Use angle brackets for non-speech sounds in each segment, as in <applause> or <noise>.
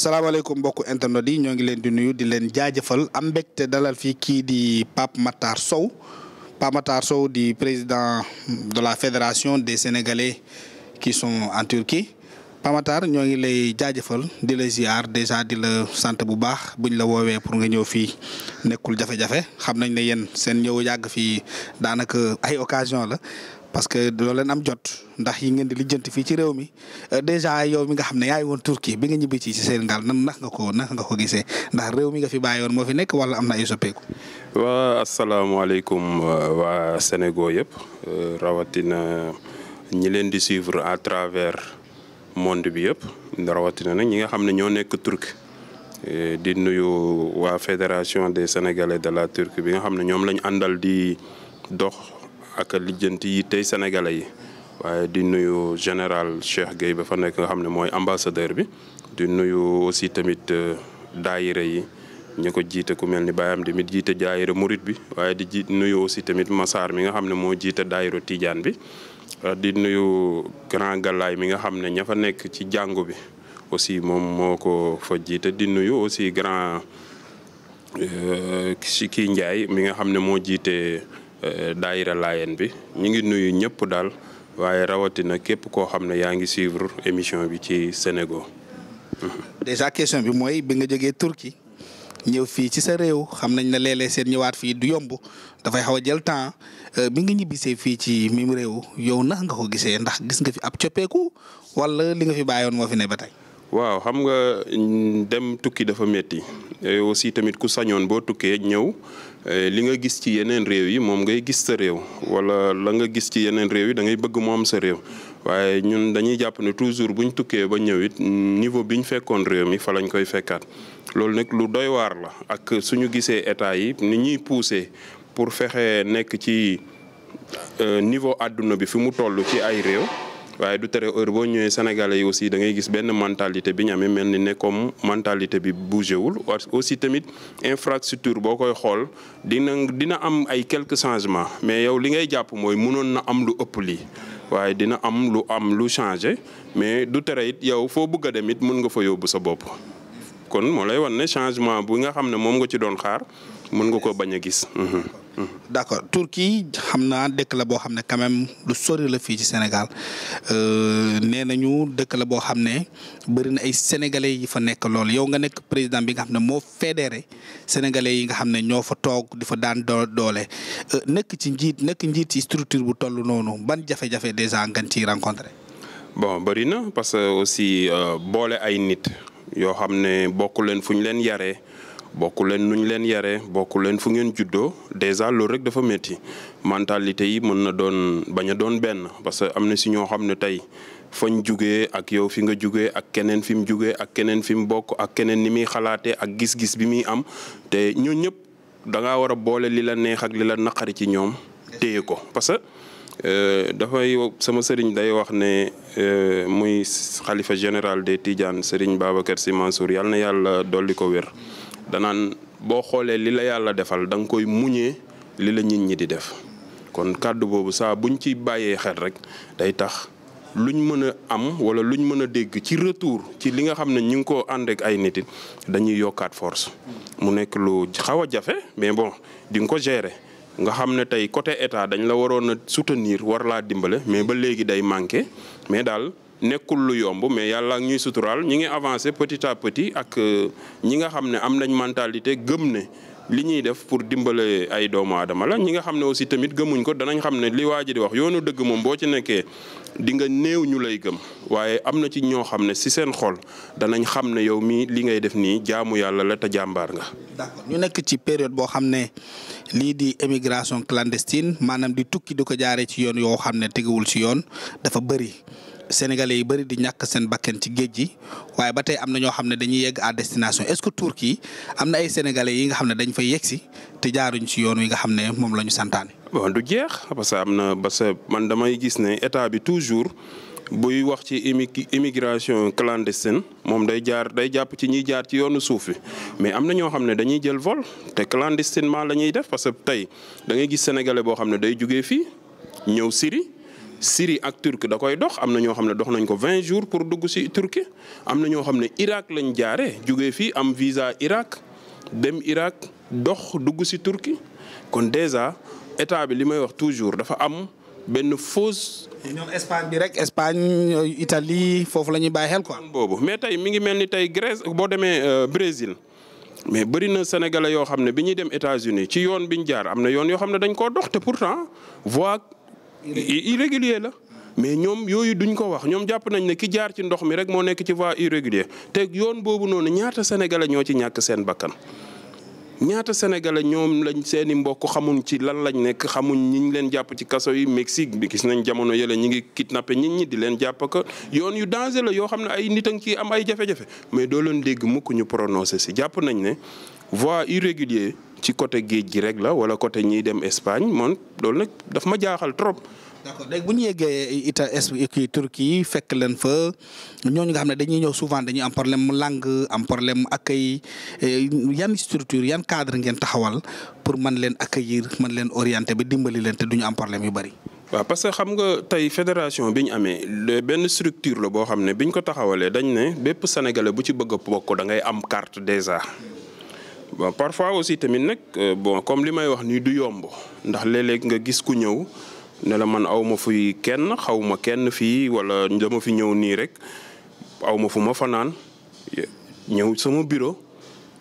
salaamaaleykum mbokku internet yi ñoo ngi leen di nuyu di leen jaajëfal am mbégte dalal fii kii di Pape Matar Sow Pape Matar Sow di président de la fédération des sénégalais qui sont en Turquie Pape Matar ñoo ngi lay jaajëfal di la ziar dèjà di la sant bu baax buñ la woowee pour nga ñëw fii nekkul jafe-jafe xam nañ ne yéen seen ñëw yàgg fii daanaka ay occasion la parce que doo leen am jot ndax yi ngeen di lijjanti fii ci réew mi euh, déjà yow mi nga xam ne yaay woon Turquie bi nga ñibbi ci Sénégal nan nax nga ko nax nga ko gisee ndax réew mi nga fi bàyyi woon moo fi nekk wala am na ay soppeeku. waa asalaamaaleykum waa Sénégal yëpp euh, rawatina ñi leen di suivre à travers monde bi yëpp rawatina nag ñi nga xam ne ñoo nekk Turquie euh, di nuyu waa fédération des sénégalais de la Turquie bi nga xam ne ñoom lañ àndal di dox. ak lijjanti yi tey sénégalais yi waaye di nuyu général Cheikh Gueye ba fa nekk nga xam ne mooy ambassadeur bi di nuyu aussi tamit euh, daayira yi ñu ko jiite ku mel ni baayam tamit jiite daayira murit bi waaye di ji nuyu aussi tamit Massar mi nga xam ne moo jiite daayira Tidiane bi euh, di nuyu grand mi nga xam ne ña fa nekk ci jàngu bi aussi moom moo ko fa jiite di nuyu aussi grand si euh, kii Ndiaye mi nga xam ne moo jiite Euh, daayira Laayeen bi ñu ngi nuyu ñëpp daal waaye rawatina képp koo xam ne yaa ngi suivre émission bi ci Sénégal. déjà question bi mooy bi nga jógee Turquie ñëw fii ci sa réew xam nañ ne léeg-léeg seen ñëwaat fii du yomb dafay xaw a jël temps mi euh, nga ñibbisee fii ci mim réew yow nax nga ko gisee ndax gis nga fi ab coppeeku wala li nga fi bàyyoon moo fi ne ba tey. waaw xam nga mm, dem tukki dafa métti aussi tamit ku sañoon boo tukkee ñëw. Eh, li nga gis ci yeneen réew yi moom ngay gis sa réew wala la nga gis ci yeneen réew yi da ngay bëgg moom sa réew waaye ñun dañuy jàpp ne toujours ñu tukkee ba ñëwit niveau bi ñu fekkoon réew mi fa lañ koy fekkaat loolu nag lu doy waar la ak suñu gisee état yi ni ñuy pousser pour fexe nekk ci euh, niveau àdduna bi fi mu toll ci ay réew. waaye du tere heure boo ñëwee sénégalais yi aussi da ngay gis benn mentalité bi ñu amee mel ni ne comme mentalité bi bougé wul aussi tamit infrastructure boo koy xool dina dina am ay quelques changements mais yow li ngay jàpp mooy mënoon na am lu ëpp lii. waaye dina am lu am lu changé mais du tere it yow foo bëgg a dem it mën nga fa yóbbu sa bopp kon moo lay wan ne changement bu nga xam ne moom nga ci doon xaar. mën nga koo bañ a gis. d' accord Turquie xam naa dëkk la boo xam ne quand lu sori la fii ci Sénégal euh, nee nañu dëkk la boo xam ne bëri na ay sénégalais yi fa nekk lool yow nga nekk président bi nga xam ne moo fédéré sénégalais yi nga xam ne ñoo fa toog di fa daan doole euh, nekk ci njiit nekk njiit ci structure bu toll noonu ban jafe-jafe dèjà ngeen ciy rencontré. bon bëri na parce que aussi euh, boole ay nit yoo xam ne bokk leen fu ñu leen yaree. bokku leen nu ñu leen yaree bokku leen fu ngeen juddoo déjà loolu rek dafa métti mentalité yi mën na doon bañ a doon benn parce que am na si ñoo xam ne tey fañ jugee ak yow fi nga jugee ak keneen fi mu jugee ak keneen fi mu bokk ak keneen ni muy xalaatee ak gis-gis bi muy am te ñoo ñëpp da ngaa war a boole li la neex ak li la naqari ci ñoom téye ko parce que euh, dafay sama sëriñ day wax ne euh, muy xalifa général des Tidiane sëriñ Babacar Sy Mansour yàlla na yàlla dolli ko wér danaan boo xoolee li la yàlla defal da nga koy muñee li la nit ñi di def kon kàddu boobu saa buñ ci bàyyee xel rek day tax luñ mën a am wala luñ mën a dégg ci retour ci li nga xam ne ñu ngi koo ànd ak ay nit dañuy yokkaat force. mu nekk lu xaw a jafe mais bon di nga ko gere nga xam ne tey côté état dañ la waroon a soutenir war laa dimbale mais ba léegi day manqué mais daal. nekkul lu yomb mais yàlla ak ñuy suturaal ñi ngi avancé petit à petit ak euh, ñi nga xam ne am nañ mentalité gëm ne li ñuy def pour dimbale ay doomu aadama la ñi nga xam ne aussi tamit gëmuñ ko danañ xam ne li waa di wax yoonu dëgg moom boo ci nekkee di nga néew ñu lay gëm waaye am na ci ñoo xam ne si seen xol danañ xam ne yow mii li ngay def nii jaamu yàlla la te jàmbaar nga. ñu nekk ci période boo xam ne lii di émigration clandestine maanaam di tukki di ko jaaree ci yoon yoo xam ne teguwul ci yoon dafa bëri. sénégalais yi bëri di ñàkk seen bakken ci géej gi waaye ba tey am na ñoo xam ne dañuy yegg à destination est-ce que Turquie am na ay sénégalais yi nga xam ne dañ fay yegg si te jaaruñ ci yoon wi nga xam ne moom la ñu santaane. bon jeex parce que am na parce man damay gis ne état bi toujours buy wax ci imi immigration clandestine moom day jaar day jàpp ci ñiy jaar ci yoonu suuf bi mais am na ñoo xam ne dañuy jël vole te clandestinement la ñuy def parce que tey da ngay gis sénégalais boo xam ne day jóge fii ñëw siri Syrie ak Turquie da koy dox am na ñoo xam ne dox nañ ko 20 jours pour dugg ci Turquie am na ñoo xam ne Irak lañ jaare jógee fii am visa Irak dem Irak dox dugg ci Turquie kon déjà état bi li may wax toujours dafa am benn fausse. ñoom Espagne bi rek Espagne Italie foofu la ñuy bàyyi xel quoi. boobu mais tey mi ngi mel ni tey Grèce boo demee euh, Brésil. mais bëri na sénégalais yoo xam ne bi ñuy dem États-Unis ci yoon bi ñu jaar am na yoon yoo xam ne dañ koo dox te pourtant voie irrégulier la mais ñoom yooyu duñ ko wax ñoom jàpp nañ ne ki jaar ci ndox mi rek moo nekk ci voie irrégulier te yoon boobu noonu ñaata sénégalais ñoo ci ñàkk seen bakkan ñaata sénégalais ñoom lañ seeni mbokk xamuñ ci lan lañ nekk xamuñ ñi leen jàpp ci kaso yi Mexique bi gis nañ jamono yële ñi ngi kidnappé nit ñi di leen jàpp ko yoon yu danger la yoo xam ne ay nit a ngi ciy am ay jafe-jafe mais doo leen dégg mukk ñu prononcé si jàpp nañ ne voie irrégulier ci côté géej gi rek la wala côté ñiy dem Espagne moon loolu nag daf ma jaaxal trop. d'accord léegi bu ñu yeggee ita kii Turquie fekk leen fa ñooñu nga xam ne dañuy ñëw souvent dañuy am problème langue am problème accueil eh, yan structure yan cadre ngeen taxawal pour mën leen accueillir mën leen orienter ba dimbali leen te duñu am problème yu bari. waaw parce que xam nga tey fédération bi ñu amee benn structure la boo xam ne bi ñu ko taxawalee dañ ne bépp sénégalais bu ci bëgg a bokk da am carte déjà. bon parfois aussi tamit nag euh, bon comme li may wax nii du yomb ndax léeg-léeg nga gis ku ñëw ne la man aw ma fi kenn xaw ma kenn fii wala dama fi ñëw nii rek aw ma fu ma fanaan ñëw sama bureau.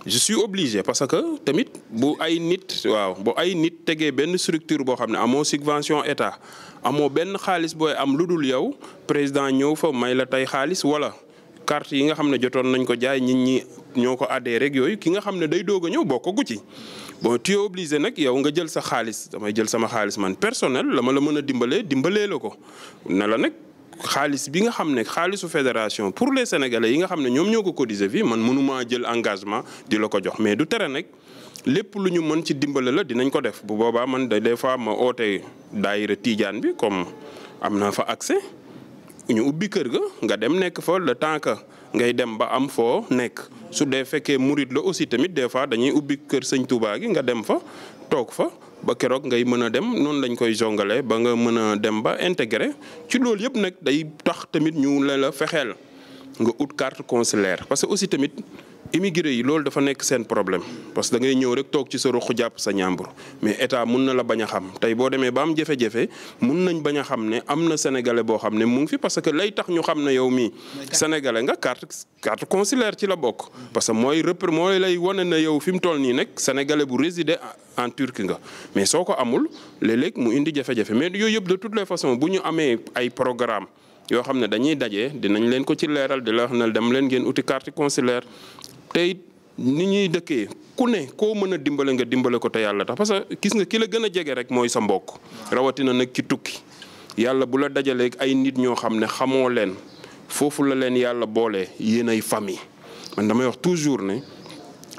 je suis obligé parce que tamit bu ay nit waaw bu ay nit tegee benn structure boo xam ne amoo subvention état amoo benn xaalis booy am lu dul yow président ñëw fa may la tey xaalis wala. carte yi nga xam ne jotoon nañ ko jaay nit ñi ñoo ko adhéré rek yooyu ki nga xam ne day doog a ñëw bokkagu ci boo tu es obligé nag yow nga jël sa xaalis damay jël sama xaalis man personnel la ma la mën a dimbalee dimbalee la ko ne la nag xaalis bi nga xam ne xaalisu fédération pour les sénégalais yi nga xam ne ñoom ñoo ko cotiser fii man mënumaa jël engagement di la ko jox mais du tere nag lépp lu ñu mën ci dimbale la dinañ ko def bu boobaa man da des fois ma oote daayira tiijaan bi comme am naa fa accès ñu ubbi kër ga nga dem nekk fa le temps que ngay dem ba am foo nekk su dee fekkee murit la aussi tamit des fois dañuy ubbi kër sëñ Touba gi nga dem fa toog fa ba keroog ngay mën a dem noonu lañ koy jongalee ba nga mën a dem ba intégré ci loolu yëpp nag day tax tamit ñu la la fexeel nga ut carte consulaire parce que aussi tamit. immigré yi loolu dafa nekk seen problème parce que da ngay ñëw rek toog ci sa ruq jàpp sa ñàmbur mais état mun na la baña xam tey boo demee ba am jafe-jafe mun nañ baña xam ne am na sénégalais boo xam ne mu fi parce que lay tax ñu xam ne yow mii sénégalais nga carte carte consulaire ci la bokk parce que mooy repr mooy lay wane ne yow fi mu toll nii nekk sénégalais bu résider en Turquie nga mais soo ko amul léeg-léeg mu indi jafe-jafe mais yooyu yëpp de toutes les façons bu ñu amee ay programme yoo xam ne dañuy daje dinañ leen ko ci leeral di la wax ne dem leen ngeen uti carte consulaire tey ni ñuy dëkkee ku ne koo mën a dimbale nga dimbale ko te yàlla tax parce que gis nga ki la gën a jege rek mooy sa mbokk rawatina nag ci tukki yàlla bu la dajalee ay nit ñoo xam ne xamoo leen foofu la leen yàlla boole yéen ay famille man damay wax toujours ne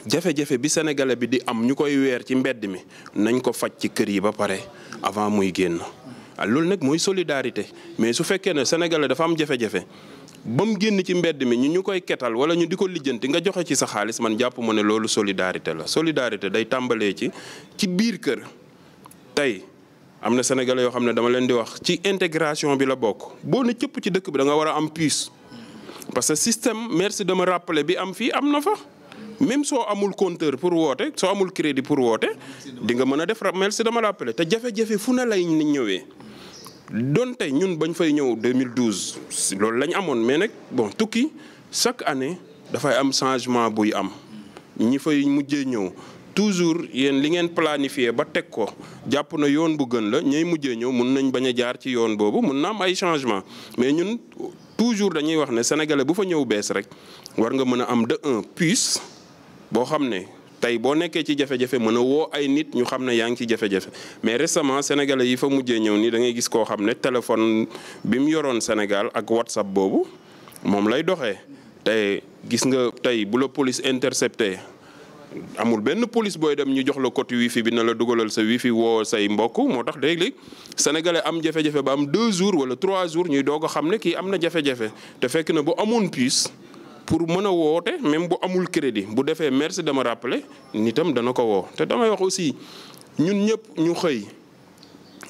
jafe-jafe bi sénégalais bi di am ñu koy weer ci mbedd mi nañ ko faj ci kër yi ba pare avant muy génn loolu nag mooy solidarité mais su fekkee ne sénégalais dafa am jafe-jafe ba mu génn ci mbedd mi ñu ñu koy ketal wala ñu di ko lijjanti nga joxe ci sa xaalis man jàpp ma ne loolu solidarité la solidarité day tàmbalee ci ci biir kër tey am na sénégalais yoo xam ne dama leen di wax ci intégration bi la bokk boo ne cëpp ci dëkk bi da nga war a am puce parce que système merci de me rappeler bi am fii am na fa même soo amul compteur pour woote soo amul crédit pour woote di nga mën a def merci dama rappeler te jafe-jafe fu ne lay ñëwee donte ñun bañ fay ñëw 2012 si loolu la amoon mais nag bon tukki chaque année dafay am changement buy am ñi fay mujjee ñëw toujours yéen li ngeen planifié ba teg ko jàpp na yoon bu gën la ñay mujjee ñëw mun nañ bañ a jaar ci yoon boobu mun na am ay changement mais ñun toujours dañuy wax ne sénégalais bu fa ñëw bees rek war nga mën a am de un puce boo xam ne. tey boo nekkee ci jafe-jafe mën a woo ay nit ñu xam ne yaa ngi ci jafe-jafe mais récemment sénégalais yi fa mujjee ñëw nii da ngay gis koo xam ne téléphone bi mu yoroon Sénégal ak WhatsApp boobu moom lay doxee tey gis nga tey bu la police intercepté amul benn police booy dem ñu jox la code wifi bi na la dugalal sa wifi woo say mbokk moo tax léeg-léeg sénégalais am jafe-jafe ba am deux jours wala trois jours ñuy doog a xam ne kii am na jafe-jafe te fekk na bu amoon puce pour mën a woote même bu amul crédit bu defee merci dama rappeler nitam dana ko woo te damay wax aussi ñun ñëpp ñu xëy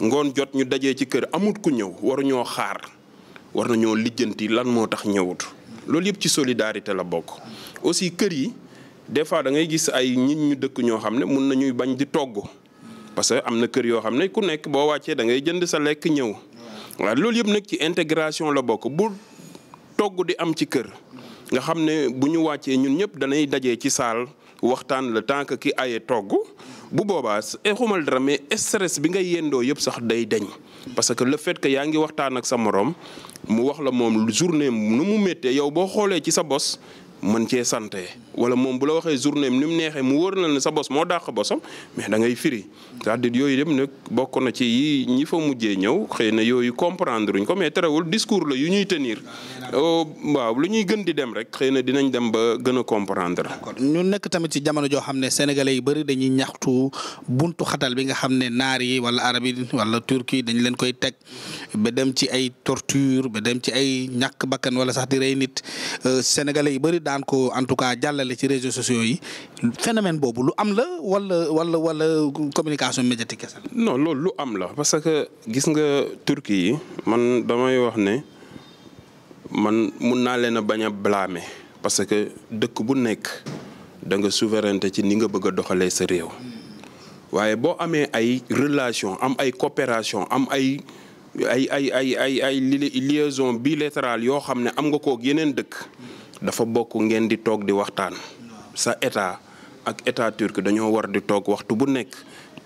ngoon jot ñu dajee ci kër amut ku ñëw ñoo xaar war nañoo lijjanti lan moo tax ñëwut loolu yëpp ci solidarité la bokk. aussi kër yi des fois da ngay gis ay nit ñu dëkk ñoo xam ne mun nañuy bañ di togg parce que am na kër yoo xam ne ku nekk boo wàccee da ngay jënd sa lekk ñëw waaw loolu yëpp nag ci intégration la bokk bu togg di am ci kër. nga xam ne bu ñu wàccee ñun ñëpp danay dajee ci saal waxtaan la temps que ki aye togg bu boobaa eh, xumal dara mais stress bi ngay yendoo yëpp sax day deñ parce que le fait que yaa ngi waxtaan ak sa morom mu wax la moom journée nu mu méttee yow boo xoolee ci sa bos man cee santé wala moom bu la waxee journée am ni mu neexee mu wóor na ne sa bos moo dàq bosam mais da ngay firi cest yooyu dem nag bokk na ci yi ñi fa mujjee ñëw xëy na yooyu comprendre uñ ko mais terewul discours la yu ñuy tenir oh, waaw lu ñuy gën di dem rek xëy na dinañ dem ba gën a comprendre. d'accord ñu nekk tamit ci jamono joo xam ne sénégalais yu bëri dañuy ñaxtu buntu xatal bi nga xam ne naar yi wala arab yi wala turki dañ leen koy teg ba dem ci ay torture ba dem ci ay ñàkk bakkan wala sax di rey nit euh, sénégalais daan ko en tout cas jàllale ci réseaux sociaux yi phénomène boobu lu am la wala wala wala communication médiatique kese no lool lu am la parce que gis nga Turquie yi man damay wax ne man mun naa leen a bañ a blâmer parce que dëkk bu nekk da nga souveraineté ci ni nga bëgg a doxalee sa réew waaye boo amee ay relation am ay coopération am ay ay ay ay ay ay liaison bilatérale yoo xam ne am nga kook yeneen dëkk dafa bokk ngeen di toog di waxtaan sa état ak état turk dañoo war di toog waxtu bu nekk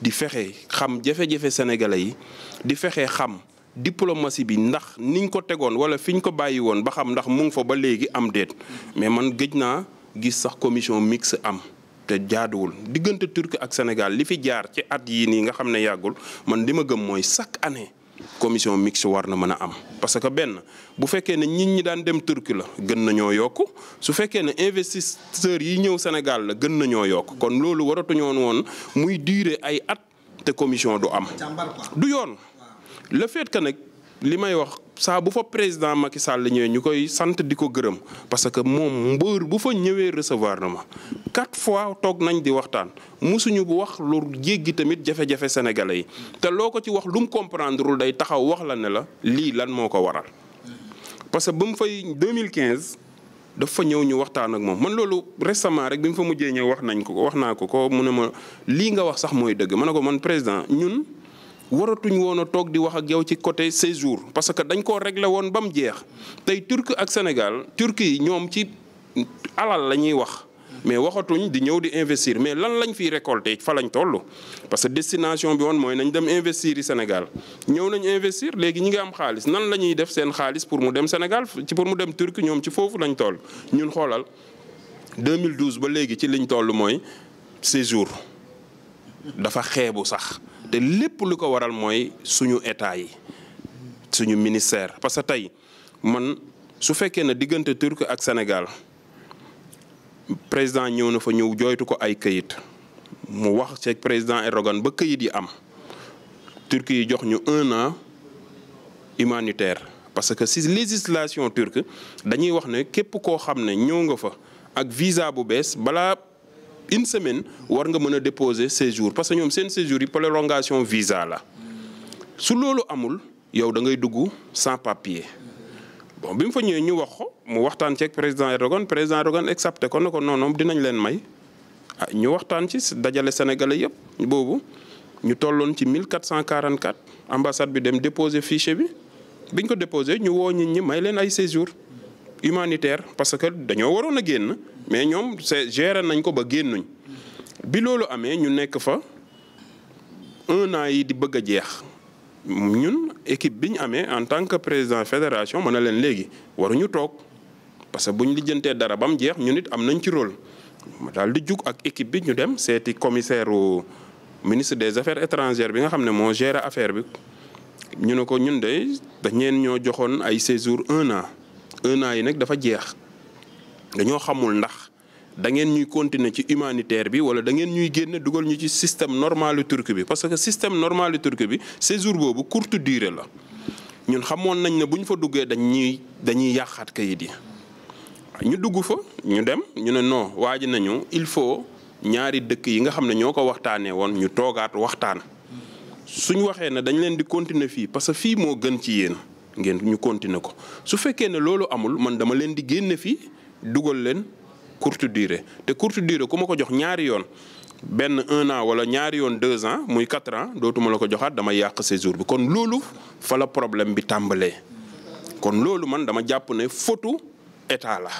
di fexe xam jafe-jafe sénégalais yi di fexe xam diplomatie bi ndax niñ ko tegoon wala fiñ ko bàyyi woon ba xam ndax mu fa ba léegi am déet mais man gëj naa gis sax commission mixte am te jaaduwul diggante turc ak Sénégal li fi jaar ci at yii nii nga xam ne yàggul man li ma gëm mooy chaque année commission mixte war na mën a am parce que benn bu fekkee ne nit ñi daan dem Turquie la gën nañoo yokk su fekkee ne investisseurs yi ñëw Sénégal la gën nañoo yokk kon loolu waratuñoon woon muy durer ay at te commission du am. du yoon le fait que nag li may wax saa bu fa président Macky Sall ñëwee ñu koy sant di ko gërëm parce que moom mbër bu fa ñëwee recevoir na ma quatre fois toog nañ di waxtaan musuñu bu wax lu jéggi tamit jafe-jafe sénégalais yi te loo ko ci wax lum mu comprendrewul day taxaw wax la ne la lii lan moo ko waral parce que ba mu fay 2015 dafa ñëw ñu waxtaan ak moom man loolu récemment rek bi mu fa mujjee ñëw wax nañ ko wax naa ko ko mu ne ma lii nga wax sax mooy dëgg ma ne ko man président ñun waratuñ woon a toog di wax ak yow ci côté séjour parce que dañ koo réglé woon ba mu jeex tey Turquie ak Sénégal Turquie ñoom ci alal la ñuy wax. mais waxatuñ di ñëw di investir mais lan lañ fiy récolter fa lañ toll parce que destination bi woon mooy nañ dem investir yi Sénégal ñëw nañ investir léegi ñi ngi am xaalis nan la ñuy def seen xaalis pour mu dem Sénégal ci pour mu dem Turquie ñoom ci foofu lañ toll ñun xoolal 2012 ba léegi ci liñ toll mooy séjour dafa xeebu sax. te lépp lu ko waral mooy suñu état yi suñu ministère. parce que tey man su fekkee ne diggante Turquie ak Sénégal président ñëw na fa ñëw jooytu ko ay këyit mu wax ci président Erdogan ba këyit yi am Turquie yi jox ñu un an humanitaire. parce que si législation turque dañuy wax ne képp koo xam ne ñëw nga fa ak visa bu bees balaa une semaine war nga mën a déposer séjour parce que ñoom seen séjour yi prolongation visa la su loolu amul yow da ngay dugg sans papier. bon bi mu fa ñëwee ñu wax ko mu waxtaan ci président Erdogan président Erdogan accepté ko ne ko non dinañ leen may ah ñu waxtaan ci dajale sénégalais yëpp boobu ñu tolloon ci mille cent quarante 1444 ambassade bi dem déposé fichier bi biñ ko déposé ñu woo nit ñi may leen ay séjour. humanitaire parce que dañoo waroon a génn mais ñoom c'est géré nañ ko ba génnuñ bi loolu amee ñu nekk fa un an yi di bëgg a jeex ñun équipe bi ñu amee en tant que président fédération mën na leen léegi waruñu toog parce que bu ñu lijjantee dara ba mu jeex ñun it am nañ ci rôle. ma daal di jug ak équipe bi ñu dem seeti commissaire au ministre des affaires étrangères bi nga xam ne moo géré affaire bi ñu ne ko ñun de dañeen ñoo joxoon ay séjour un an. un yi nag dafa jeex dañoo xamul ndax da ngeen ñuy continuer ci humanitaire bi wala da ngeen ñuy génne dugal ñu ci système normal turk bi parce que système normal turc bi séjour boobu courte durée la ñun xamoon nañ ne bu ñu fa duggee dañuy dañuy yàqaat kayit yi ñu dugg fa ñu dem ñu ne non waaj nañu il faut ñaari dëkk yi nga xam ne ñoo ko waxtaanee woon ñu toogaat waxtaan suñ waxee ne dañ leen di continuer fii parce que fii moo gën ci yéen. ngeen ñu continuer ko su fekkee ne loolu amul man dama leen di génne fii dugal leen courte durée te courte durée ku ma ko jox ñaari yoon benn un an wala ñaari yoon deux ans muy quatre ans dootuma la ko joxaat dama yàq séjour bi kon loolu fala problème bi tàmbalee kon loolu man dama jàpp ne fotu état la.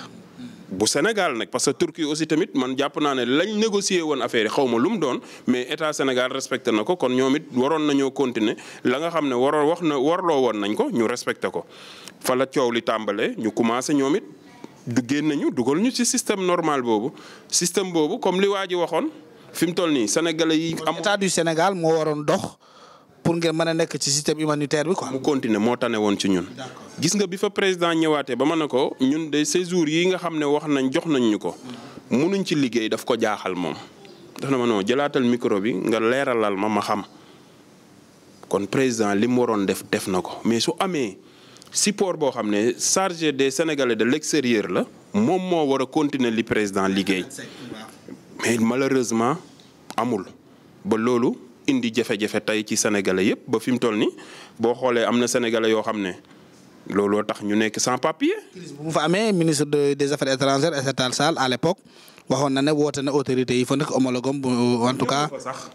bu Sénégal nag parce que Turquie aussi tamit man jàpp naa ne lañ négocier woon affaire yi xaw ma lu mu doon mais état Sénégal respecté na ko kon ñoomit waroon nañoo continuer la nga xam ne waroo wax na warloo woon nañ ko ñu respecté ko. fa la coow li tàmbale ñu commencé ñoom it du génn ñu dugal ñu ci système normal boobu système boobu comme li waa ji waxoon fi mu toll nii sénégalais yi. am état du Sénégal moo waroon dox. pour ngeen mën a nekk ci système humanitaire bi quoi. mu continuer moo tane woon ci ñun. gis nga bi fa président ñëwaatee ba mën a ko ñun de séjour yi nga xam ne wax nañ jox nañ ñu ko. munuñ ci liggéey daf ko jaaxal moom. daf na ma non jëlaatal micro bi nga leeralal ma ma xam kon président li mu waroon def def na ko mais su amee support boo xam ne chargé des sénégalais de l'extérieur la. moom moo war a continuer li président liggéey. mais malheureusement amul ba loolu. indi jafe-jafe tey ci sénégalais yëpp ba fi mu toll nii boo xoolee am na sénégalais yoo xam ne looloo tax ñu nekk sans papier. bu fa amee ministre des affaires étrangères Aïssata Tall Sall à l'époque waxoon ne woote na autorité yi fa nekk homologom bu euh, en tout cas. sax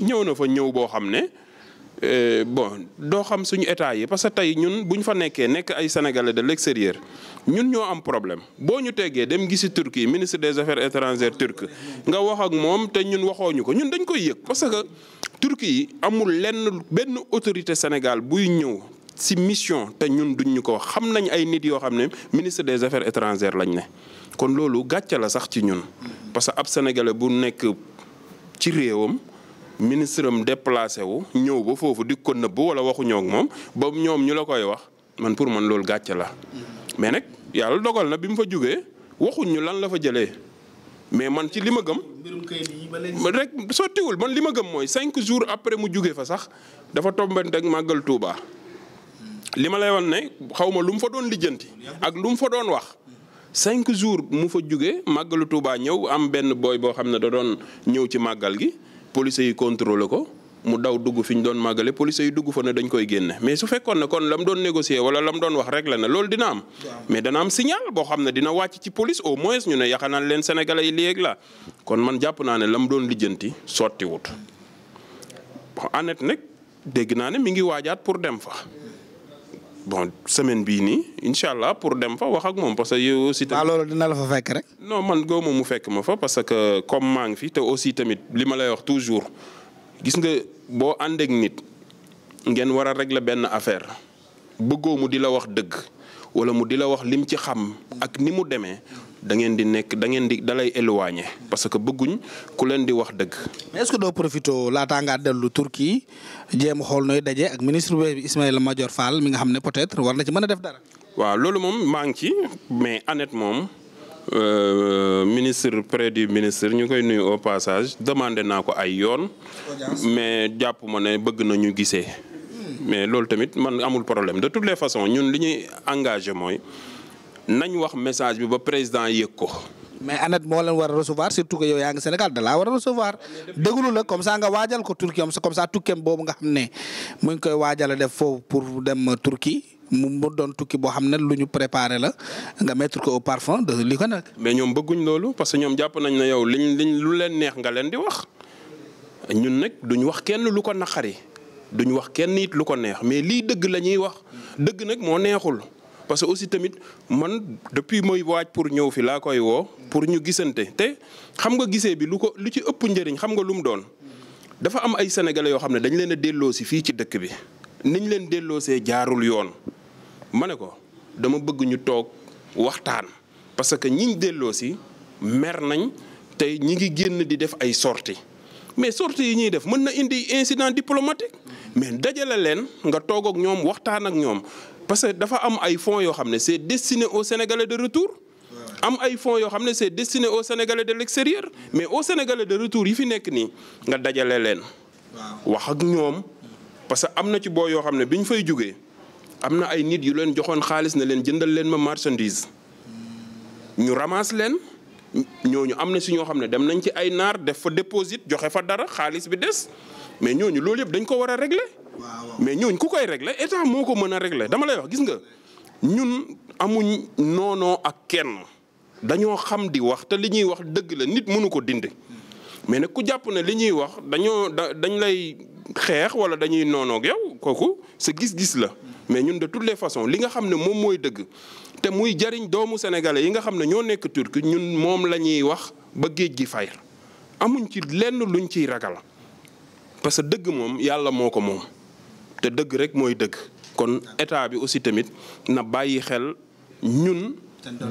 ñëw na fa ñëw boo xam ne. Euh, bon doo xam suñu état yi parce que tey ñun bu ñu fa nekkee nekk ay sénégalais de l'extérieur ñun ñoo am problème boo ñu tegee dem gisi Turquie ministre des affaires étrangères turc nga wax ak moom te ñun waxooñu ko ñun Turquie yi amul lenn benn autorité Sénégal buy ñëw si mission te ñun duñ ñu ko wax xam nañ ay nit yoo xam ne ministre des affaires étrangères lañ ne kon loolu gàcce la sax ci ñun. parce que ab sénégalais bu nekk ci réewam. ministre am déplacé wu ñëw ba foofu di ko nëbb wala waxuñoo ak moom ba ñoom ñu la koy wax man pour man loolu gàcce la mais nag yàlla dogal na bi mu fa jógee waxuñ ñu lan la fa jëlee. mais man ci li ma gëm. rek sottiwul man li ma gëm mooy cinq jours après mu jóge fa sax dafa tombante ak màggal Touba. li ma lay wan ne xaw ma lu mu fa doon lijjanti. ak lu mu fa doon wax. cinq jours mu fa jóge màggalu Touba ñëw am benn booy boo xam ne da doon ñëw ci màggal gi police yi contrôlé ko. mu daw dugg fi ñu doon màggale police yi dugg fa ne dañ koy génne mais su fekkoon ne kon la mu doon négocier wala lam mu doon wax rek la ne loolu dina am. mais dana am signal boo xam ne dina wàcc ci police au moins ñu ne yaxanal leen sénégalais yi léegi la kon man jàpp naa ne la doon lijjanti sotti wut. bon Annette nag dégg naa ne mi ngi waajaat pour dem fa. bon semaine bii nii incha allah pour dem fa wax ak moom parce que aussi. waaw dina la fa fekk rek. non man góob mu fekk ma fa parce que comme maa ngi fi te aussi tamit li ma lay wax toujours. gis nga boo ànd nit ngeen war a benn affaire bëggoo mu di la wax dëgg wala mu di la wax lim ci xam ak ni mu demee da ngeen di nekk da ngeen di dalay éloigné parce que bëgguñ ku leen di wax dëgg. mais est-ce que doo profité laataa ngaa dellu Turquie jéem xool nooy daje ak ministre bi Ismaïla Madior Fall mi nga xam ne peut-être war na ci mën a def dara. waaw loolu moom maa ngi ci mais honnêtement moom. Euh, ministre près du ministre ñu koy nuyu au passage demandé naa ko ay yoon. mais jàpp ma ne bëgg na ñu gisee. mais loolu tamit man amul problème de toutes les façon ñun li ñuy engagé mooy nañ wax message bi ba président yëg ko. mais ANAT moo leen war a recevoir surtout que yow yaa ngi Sénégal da laa war a recevoir déglu la comme ça nga waajal ko Turquie comme ça tukkeem boobu nga xam ne mu ngi koy waajal a def foofu pour dem Turquie. mu doon tukki boo xam ne lu ñu préparé la nga mettre ko au parfum li ko nag. mais ñoom bëgguñ loolu parce que ñoom jàpp nañ ne yow liñ liñ lu leen neex nga leen di wax ñun nag duñ wax kenn lu ko naqari duñ wax kenn it lu ko neex mais lii dëgg la ñuy wax dëgg nag moo neexul. parce que aussi tamit man depuis mooy waaj pour ñëw fi laa koy woo pour ñu gisante te xam nga gise bi lu ko lu ci ëpp njëriñ xam nga lu mu doon dafa am ay sénégalais yoo xam ne dañ leen a delloo si fii ci dëkk bi niñ leen delloosee jaarul yoon. ma ne ko dama bëgg ñu toog waxtaan parce que ñiñ delloo si mer nañ tey ñi ngi génn di def ay sorties mais sorties yi ñuy def mën na indi incident diplomatique mais dajale leen nga toog ak ñoom waxtaan ak ñoom parce que dafa am ay fonds yoo xam ne c'est destiné au Sénégalais de retour am ay fonds yoo xam ne c'est destiné au Sénégalais de l'extérieur mais au Sénégalais de retour yi fi nekk nii nga dajale leen wax ak ñoom parce que am na ci boo yoo xam ne bi ñu fay jugee am na ay nit yu leen joxoon xaalis na leen jëndal leen ma marchandise ñu ramasse leen ñooñu am na si ñoo xam ne dem nañ ci ay naar def fa déposit joxe fa dara xaalis bi des mais ñooñu loolu yëpp dañ ko war a régler. mais ñooñu ku koy regle état moo ko mën a régler dama lay wax gis nga ñun amuñ noonoo ak kenn dañoo xam di wax te li ñuy wax dëgg la nit mënu ko dindi mais ne ku jàpp ne li ñuy wax dañoo da dañ lay xeex wala dañuy noonoog yow kooku sa gis-gis la. mais ñun de toutes les façons li nga xam ne moom mooy dëgg te muy jariñ doomu sénégalais yi nga xam ne ñoo nekk turki ñun moom la ñuy wax ba géej gi fay amuñ ci lenn luñ ciy ragal parce que dëgg moom yàlla moo ko moom te dëgg rek mooy dëgg kon état bi aussi tamit na bàyyi xel ñun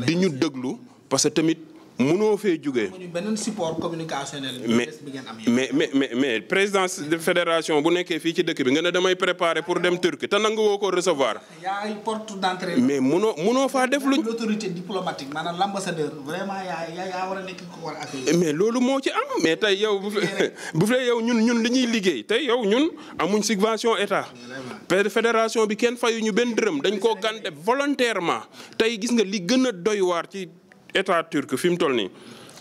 di ñu dëglu parce tamit mënoo fee jugee. beneen support communicationnel. mais mais mais mais président de fédération bu nekkee fii ci dëkk bi nga ne damay préparer pour dem Turquie te nangu woo ko recevoir. yaay porte mais mënoo mënoo faa def luñ. l'autorité diplomatique maanaam l'ambassadeur vraiment yaa yaa mais loolu moo ci am mais tey yow bu fee <laughs> yow ñun ñun li ñuy liggéey tey yow ñun amuñ subvention état. fédération bi kenn fayu ñu benn dërëm dañ koo gànte volontairement tey gis nga li gën a doy ci. état turc fi mu toll nii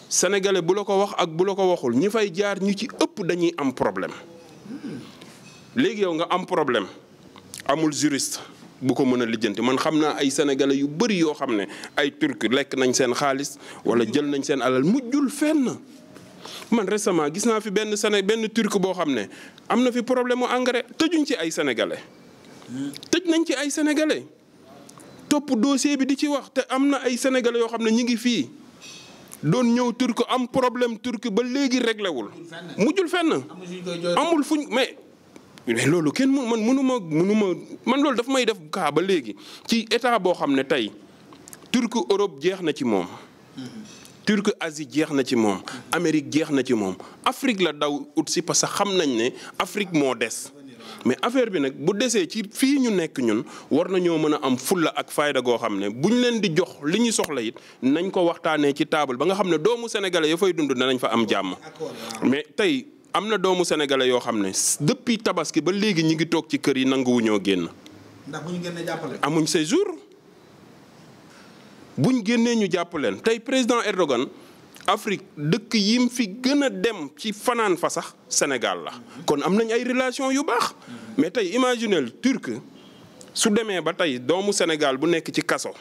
sénégalais bu la ko wax ak bu la ko waxul ñi fay jaar ñu ci ëpp dañuy am problème. léegi yow nga am problème amul juriste bu ko mën a lijjanti man xam naa ay sénégalais yu bëri yoo xam ne ay turc lekk nañ seen xaalis wala jël nañ seen alal mujjul fenn. man récemment gis naa fi benn Séné benn turc boo xam ne am na fi problème mu engrais tëjuñ ci ay sénégalais. tëj nañ ci ay sénégalais. topp dossier bi di ci wax te am na ay sénégalais yoo xam ne ñu ngi fii doon ñëw turc am problème turc ba léegi réglé wul. mujjul fenn amul fuñ mais. loolu kenn mu man mënu ma mënu man loolu dafa may def kaa ba léegi ci état boo xam ne tey turc Europe jeex na ci moom. turc Asie jeex na ci moom. Amérique jeex na ci moom Afrique la daw ut si parce que xam nañ ne Afrique moo des. mais affaire bi nag bu desee ci fii ñu nekk ñun war nañoo mën a am fulla ak fayda goo xam ne bu ñu leen di jox li ñuy soxla it nañ ko waxtaanee ci table ba nga xam ne doomu sénégalais ya fay dund danañ fa am jàmm mais tey am na doomu sénégalais yoo xam ne depuis tabaski ba léegi ñi ngi toog ci kër yi nanguwuñoo génn. ndax bu ñu génnee amuñ séjour bu ñu génnee ñu jàpp leen tey président Erdogan. Afrique dëkk yim fi gën a dem ci fanaan fa sax Sénégal la kon am nañ ay relation yu baax mais tey imaginel turk su demee ba tey doomu Sénégal bu nekk ci kaso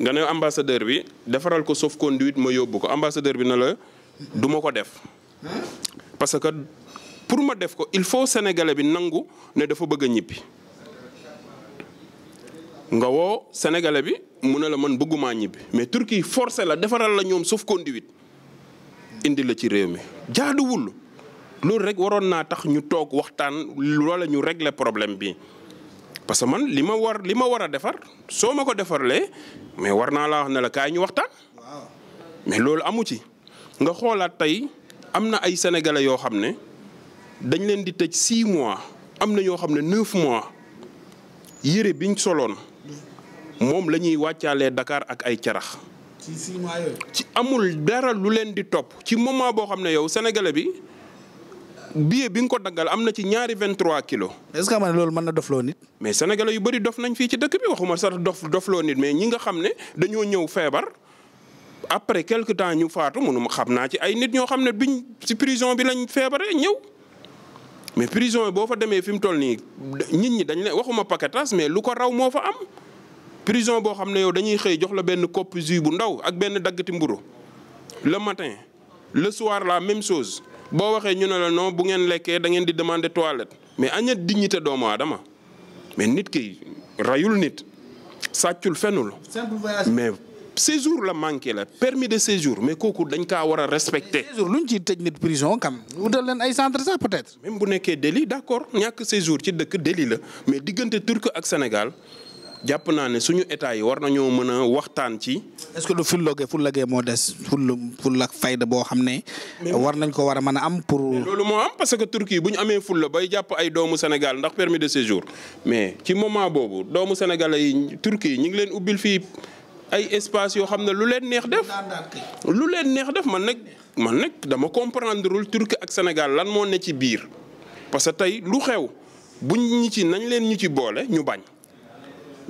nga ne ambassadeur bi defaral ko sauf conduite ma yóbbu ko ambassadeur bi na la du ma ko def parce que pour ma def ko il faut sénégalais bi nangu ne dafa bëgg a ñibbi nga woo sénégalais bi mu ne la man bëggumaa ñibbi mais Turquie forcé la defaral la ñoom sauf conduite indi la ci réew mi jaaduwul loolu rek waroon naa tax ñu toog waxtaan loola ñu régler problème bi parce que man li ma war li ma war a defar soo ma ko defarlee mais war naa laa wax ne la kaay ñu waxtaan. mais loolu amu ci nga xoolaat tey am na ay sénégalais yoo xam ne dañ leen di tëj 6 mois am na yoo xam ne 9 mois yére biñ soloon. moom la ñuy wàccaalee Dakar ak ay carax. ci ci amul dara lu leen di topp ci moom moment boo xam ne yow sénégalais bi billet bi nga ko daggal am na ci ñaari vingt trois kilos. est-ce que xam nga loolu mën na loo nit. mais sénégale yu bëri dof nañ fii ci dëkk bi waxuma sax dof loo nit mais ñi nga xam ne dañoo ñëw feebar. après quelque temps ñu faatu mënuma xam naa ci ay nit ñoo xam ne biñ ci prison bi lañ feebaree ñëw mais prison boo fa demee fi mu toll nii nit ñi dañ leen waxuma paquetage mais lu ko raw moo fa am. prison boo xam ne yow dañuy xëy jox la benn kopp jus bu ndaw ak benn daggati mburu le matin le soir la même chose boo waxee ñu ne la noo bu ngeen lekkee dangeen di demander toilette mais aña dignité doomu aadama mais nit ki rayul nit sàccul fenul mais séjour la manqué la permis de séjour mais kooku dañ kaa war respecte respecté. séjour luñ ciy tëj nit prison kam wutal leen ay centre sax peut-être. même bu nekkee délit d'accord ñàkk séjour ci dëkk déli la mais diggante Turquie ak Sénégal. jàpp naa ne suñu état yi war nañoo mën a waxtaan ci. est-ce que du fullage fullage moo des full full ak fayda boo xam ne. war nañ ko war a mën a am pour. loolu moo am parce que Turquie bu ñu amee fulla bay jàpp ay doomu Sénégal ndax permis de séjour mais ci moment boobu doomu sénégalais yi Turquie ñu ngi leen ubbil fii ay espace yoo xam ne lu leen neex def. lu leen neex def man nag man nag dama comprendreul turki ak Sénégal lan moo ne ci biir parce que tey lu xew buñ ci nañ leen ñu ci boole ñu bañ.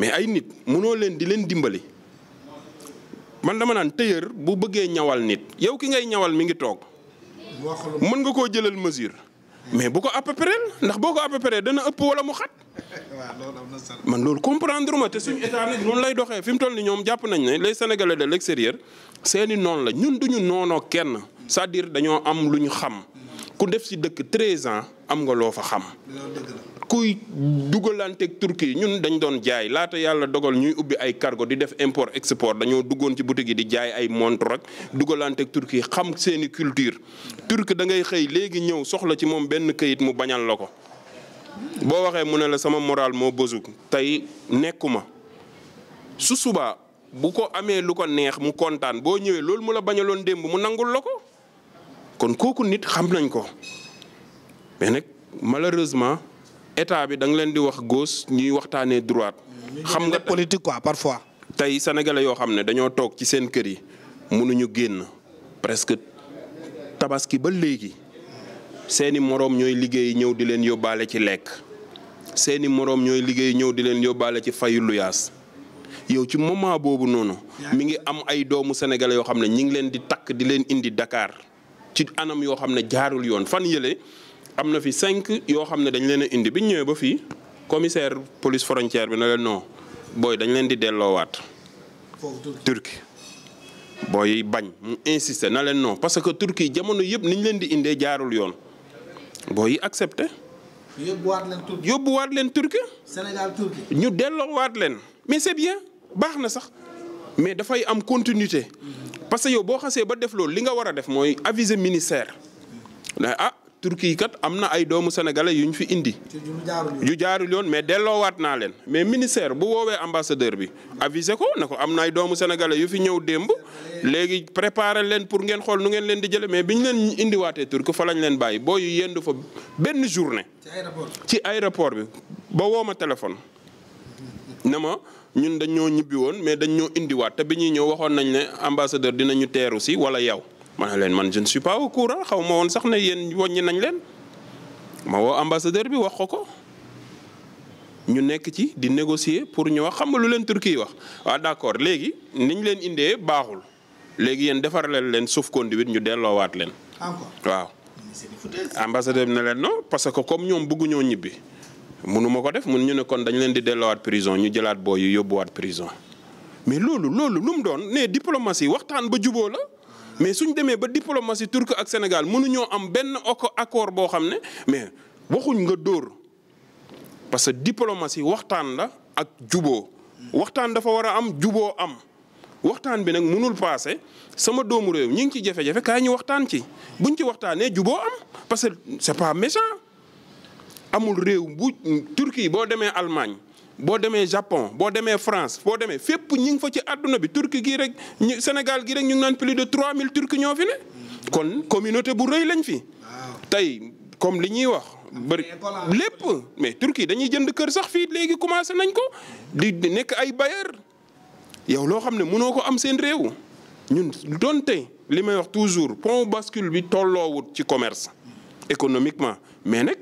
mais ay nit mënoo leen di leen dimbali man dama naan tailleur bu bëggee ñawal nit yow ki ngay ñawal mi ngi toog. mën nga koo jëlal mesure. mais bu ko app peu près ndax boo ko à peu près dana ëpp wala mu xat. man loolu comprendre ma te suñu état nag noonu lay doxee fi mu toll nii ñoom jàpp nañ ne les sénégalais de l' seeni noon la ñun duñu noonoo kenn cest à dañoo am lu ñu xam. ku def si dëkk treize ans am nga loo fa xam. kuy dugalanteeg Turquie ñun dañ doon jaay laata yàlla dogal ñuy ubbi ay cargo di def import export dañoo duggoon ci boutique yi di jaay ay montre rek dugalanteeg Turquie xam seeni culture. Turquie da ngay xëy léegi ñëw soxla ci moom benn kayit mu bañal la ko. boo waxee mu ne la sama morale moo bësug tey nekkuma su suba bu ko amee lu ko neex mu kontaan boo ñëwee loolu mu la bañaloon démb mu nangul la ko. kon kooku nit xam nañ ko mais nag malheureusement état bi da nga leen di wax gauche ñuy waxtaanee droite. xam nga politique quoi parfois. tey sénégalais yoo xam ne dañoo toog ci seen kër yi mënuñu génn presque tabaski ba léegi seeni moroom ñooy liggéey ñëw di leen yóbbaale ci lekk seeni moroom ñooy liggéey ñëw di leen yóbbaale ci fayu luyaas yow ci moment boobu noonu. mi ngi am ay doomu sénégalais yoo xam ne ñi ngi leen di takk di leen indi dakaar ci anam yoo xam ne jaarul yoon fan yële am na fi cinq yoo xam ne dañ leen a indi bi ñu ñëwee ba fii commissaire police frontière bi na leen non booy dañ leen di delloowaat. Turquie booy bañ mu insister na leen non parce que Turquie jamono yëpp niñ leen di indee jaarul yoon booy accepté. yóbbuwaat leen Turquie yóbbuwaat leen Turquie. ñu delloowaat leen mais c'est bien baax na sax. mais dafay am continuité parce que yow boo xasee ba def loolu li nga war a def mooy aviser ministère na ah Turquie kat am na ay doomu sénégalais yu ñu fi indi. yu jaarul yoon mais delloowaat naa leen mais ministère bu woowee ambassadeur bi aviser ko na ko am na ay doomu sénégalais yu fi ñëw démb. léegi préparer leen pour ngeen xool nu ngeen leen di jëlee mais bi ñu leen indiwaatee Turquie fa lañ leen bàyyi boo yu yendu fa benn journée. ci aéroport bi ba woo ma téléphone ma. ñun dañoo ñibbi woon mais dañ ñoo indiwaat te bi ñuy ñëw waxoon nañ ne ambassadeur dinañu teeru si wala yow. ma ne leen man je ne suis pas au courant xaw ma woon sax ne yéen wàññi nañ leen ma woo ambassadeur bi wax ko ko ñu nekk ci di négocier pour ñu wax xam nga lu leen Turquie wax. waaw ah, d'accord léegi niñ leen indee baaxul léegi yéen defaraleel leen suuf sauf-conduit ñu delloowaat leen. encore waaw. ambassadeur bi na leen non parce que comme ñoom bëgguñoo ñibbi. mënuma ko def mun ñu ne kon dañu leen di delloowaat prison ñu jëlaat booy yu yóbbuwaat prison mais loolu loolu lu mu doon ne diplomatie waxtaan ba juboo la mais suñ demee ba diplomatie turk ak Sénégal mënuñoo am benn accord boo xam ne mais waxuñ nga dóor parce que diplomatie waxtaan la ak juboo waxtaan dafa war a am juboo am waxtaan bi nag mënul paase sama doomu réew ñi ngi ci jafe-jafe kaay ñu waxtaan ci buñ ci waxtaanee juboo am parce que c'est pas méchant amul réew bu Turquie boo demee Allemagne boo demee Japon boo demee France boo demee fépp ñi ngi fa ci àdduna bi Turquie gii rek ñu Sénégal gii rek ñu ngi naan plus de 3000 Turcs ñoo fi ne. kon communauté bu rëy lañ fi. tey comme li ñuy wax. bëri lépp mais Turquie dañuy jënd kër sax fii léegi commencé nañ ko di nekk ay bailleur yow loo xam ne mënoo ko am seen réew ñun donte li may wax toujours pont bascule bi tolloowut ci commerce économiquement mais nag.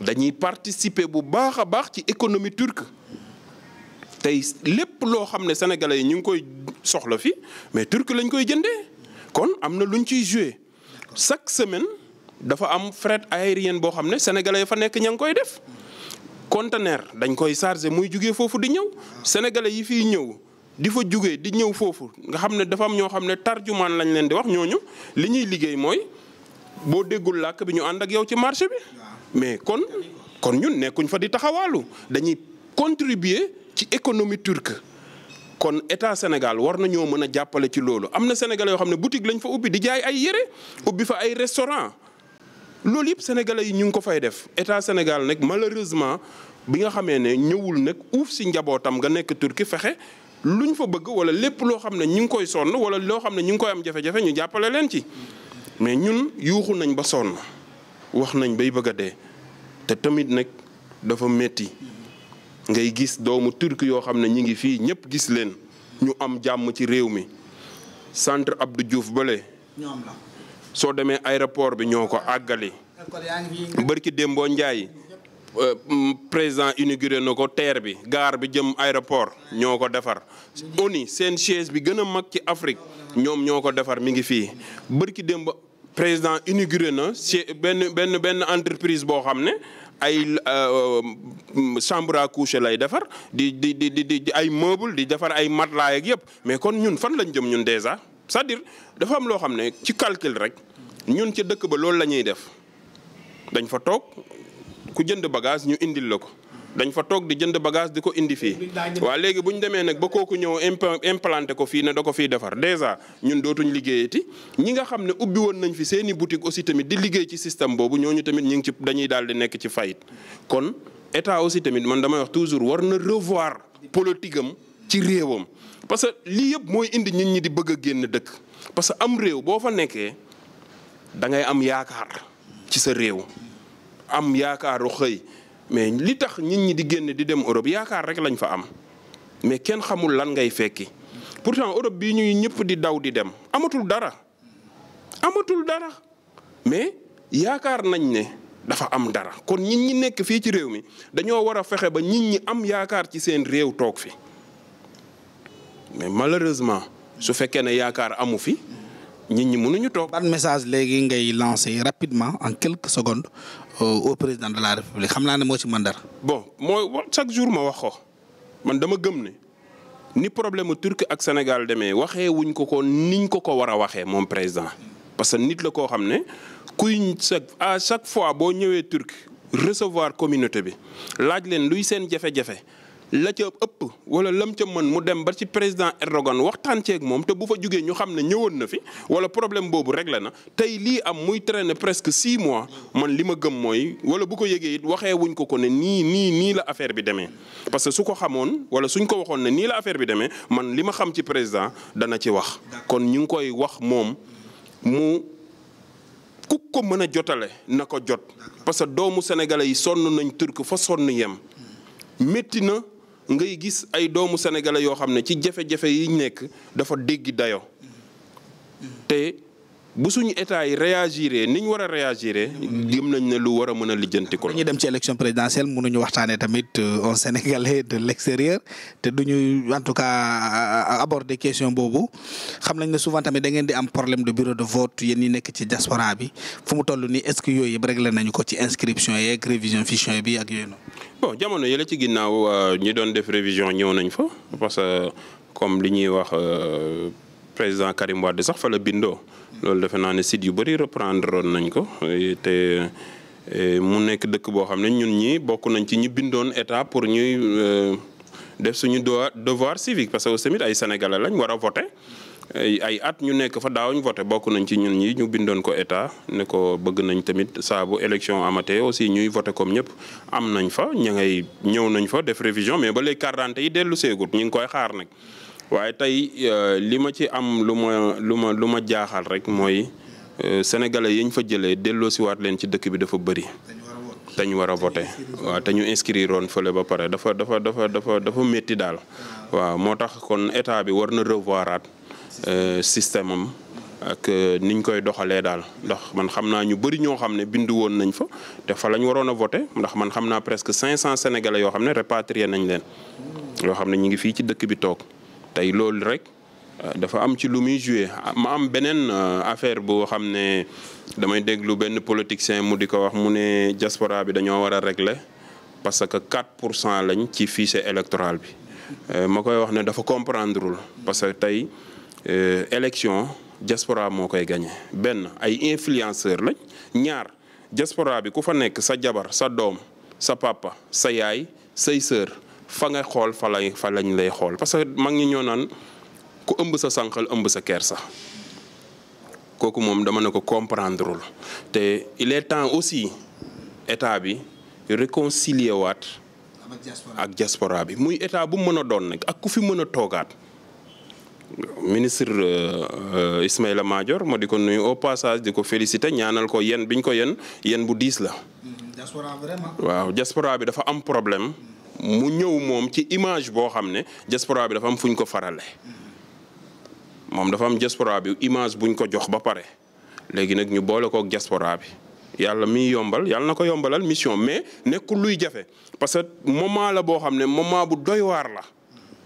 dañuy participer bu baax a baax ci économie turque tey lépp loo xam ne sénégalais yi ñu ngi koy soxla fi mais turc lañ koy jëndee kon am na luñ ciy joué chaque semaine dafa am fret aérien boo xam ne sénégalais yi fa nekk ña ngi koy def conteneur dañ koy chargé muy jugee foofu di ñëw sénégalais yi fii ñëw di fa jugee di ñëw foofu nga xam ne dafa am ñoo xam ne tarjumaan lañ leen di wax ñooñu li ñuy liggéey mooy boo déggul làkk bi ñu ànd ak yow ci marché bi mais kon kon ñun nekkuñ fa di taxawaalu dañuy contribuer ci économie turque kon état Sénégal war nañoo mën a jàppale ci loolu am na sénégalais yoo xam ne boutique lañ fa ubbi di jaay ay yére ubbi fa ay restaurant loolu yëpp sénégalais yi ñu ngi ko fay def état Sénégal nag malheureusement bi nga xamee ne ñëwul nag uuf si njabootam nga nekk turki fexe luñ fa bëgg wala lépp loo xam ne ñu ngi koy sonn wala loo xam ne ñu ngi koy am jafe-jafe ñu jàppale leen ci mais ñun yuuxu nañ ba sonn. wax nañ bay bëgg a dee te tamit nag dafa metti ngay gis doomu turk yoo xam ne ñi ngi fii ñëpp gis leen ñu am jàmm ci réew mi centre Abdou juuf bële soo demee aéroport bi ñoo ko àggali bërki démboo Njaay euh, président uni inauguré na ko terre bi gaar bi jëm aéroport ñoo ko defar ONU seen chaise bi gën a mag ci Afrique ñoom ñoo ko defar mi ngi fii bërki démb président inauguré na ci benn benn benn entreprise boo xam ne ay euh, chambre à coucher lay defar di di di di ay meuble di defar ay matelas ak yëpp mais kon ñun fan lañ jëm ñun déjà c'est-à-dire dafa am loo xam ne ci calcul rek ñun ca dëkk ba loolu la ñuy def dañ fa toog ku jënd bagage ñu indil la ko. dañ fa toog di jënd bagage di ko indi fii waa léegi bu ñu demee nag ba kooku ñëw implanté ko fii ne da ko fiy defar dèjà ñun dootuñ ti ñi nga xam ne ubbi woon nañ fi seeni boutique aussi tamit di liggéey ci système boobu ñooñu tamit ñu ngi ci dañuy daal di nekk ci fayit kon état aussi tamit man damay wax toujours war na revoir politique am ci réewam parce que lii yëpp mooy indi nit ñi di bëgg a génn dëkk parce que am réew boo fa nekkee da ngay am yaakaar ci sa réew am yaakaaru xëy mais li tax nit ñi di génn di dem Europe yaakaar rek lañ fa am mais kenn xamul lan ngay fekki pourtant Europe bii ñuy ñëpp di daw di dem amatul dara amatul dara mais yaakaar nañ ne dafa am dara kon nit ñi nekk fii ci réew mi dañoo war a fexe ba nit ñi am yaakaar ci seen réew toog fi mais malheureusement su fekkee ne yaakaar amu fi nit ñi ñu toog. ban message léegi ngay lancer rapidement en quelques secondes euh, au président de la république xam naa ne moo ci ma dara. bo mooy chaque jour ma wax ko man dama gëm ne ni problème mu Turquie ak Sénégal demee waxee wuñ ko ko niñ ko ko war a waxee moom président. parce que nit la koo xam ne kuy chaque à chaque fois boo ñëwee Turquie recevoir communauté bi laaj leen luy seen jafe-jafe. la ca ëpp wala lam ca man mu dem ba ci président Erdogan waxtaan ceeg moom te bu fa jógee ñu xam ne ñëwoon na fi wala problème boobu réglé na tey lii am muy traîner presque six mois man li ma gëm mooy wala bu ko yëgee it waxee wuñ ko ko ne nii nii nii la affaire bi demee. parce que su ko xamoon wala suñ ko waxoon ne nii la affaire bi demee man li ma xam ci président dana ci wax. kon ñu ngi koy wax moom mu. ku ko mën a jotale na ko jot parce que doomu sénégalais yi sonn nañ turk fa sonn yem métti ngay gis ay doomu sénégalais yoo xam ne ci jafe-jafe yi nekk dafa déggi dayo te bu suñu état yi réagiré ni ñu war a réagiré. gëm nañ ne lu war a mën a lijjanti ko. dañuy dem ci élection présidentielle mënuñu waxtaanee tamit euh, un sénégalais de l' extérieur te ñu en tout cas euh, aborder question boobu xam nañ ne souvent tamit da ngeen di am problème de bureau de vote yéen ñi nekk ci diaspora bi fu mu toll nii est ce que yooyu yëpp réglé nañu ko ci inscription yeeg révision fichier bi ak yooyu noonu. bon jamono yële ci ginnaaw euh, ñi doon def révision ñëw nañ fa parce que comme li ñuy wax. président Karim Wade sax fala bindoo loolu defe naa ne site yu bëri reprendre oon nañ ko te e, mu nekk dëkk boo xam ne ñun ñi bokk nañ ci ñu bindoon état pour ñuy e, def suñu devoir civique parce que tamit ay sénégalais lañ war a voter ay at ñu nekk fa daawuñ voter bokk nañ ci ñun ñi ñu bindoon ko état ne ko bëgg nañ tamit saa bu élection amatee aussi ñuy voter kom ñëpp am nañ fa ña ñëw nañ fa def révision mais ba léegi carte d'identité yi dellu seegut ñu ngi koy xaar nag waaye tey euh, li ma ci am lu ma lu ma lu ma jaaxal rek mooy euh, sénégalais yi ñu fa jëlee delloosiwaat leen ci dëkk bi dafa bëri. te ñu war a voté waaw te ñu woon fële ba pare dafa dafa dafa dafa dafa métti daal. waaw moo tax kon état bi war na revoiraat euh, système am ak niñ koy doxalee daal ndax man xam naa ñu bari ñoo xam ne bindu woon nañ fa te fa la ñu waroon a voté ndax man xam naa presque 500 sénégalais yoo xam ne répatrié nañ leen. yoo xam ne ñu ngi fii ci dëkk bi toog. tey loolu rek euh, dafa am ci lu muy joué ma am beneen euh, affaire boo xam ne damay déglu benn politicien mu di ko wax mu ne diaspora bi dañoo war a régler parce que 4 pour cent lañ ci fichier électoral bi euh, ma koy wax ne dafa comprendrewul parce que tey élection diaspora moo koy gagné benn ay influenceur lañ ñaar diaspora bi ku fa nekk sa jabar sa doom sa papa sa yaay say sœur fa nga xool fa lay lañ lay xool parce que mag ñi ñoo naan ku ëmb sa sànqal ëmb sa sax kooku moom dama ne ko comprendrewul te il est temps aussi état bi réconcilier waat ak diaspora bi muy état bu mu mën a doon nag ak ku fi mën a toogaat ministre euh, Ismaïla Madior ma di ko nuyu au passage di ko féliciter ñaanal ko yen biñ ko yen yen bu diis la mm-hmm. waaw diaspora bi dafa am problème mm-hmm. mu ñëw moom ci image boo xam ne diaspora bi dafa am fu ñu ko farale moom dafa am diaspora bi image buñ ko jox ba pare léegi nag ñu boole kook diaspora bi yàlla miy yombal yàlla na ko yombalal mission mais nekkul luy jafe parce que moment la boo xam ne moment bu doy waar la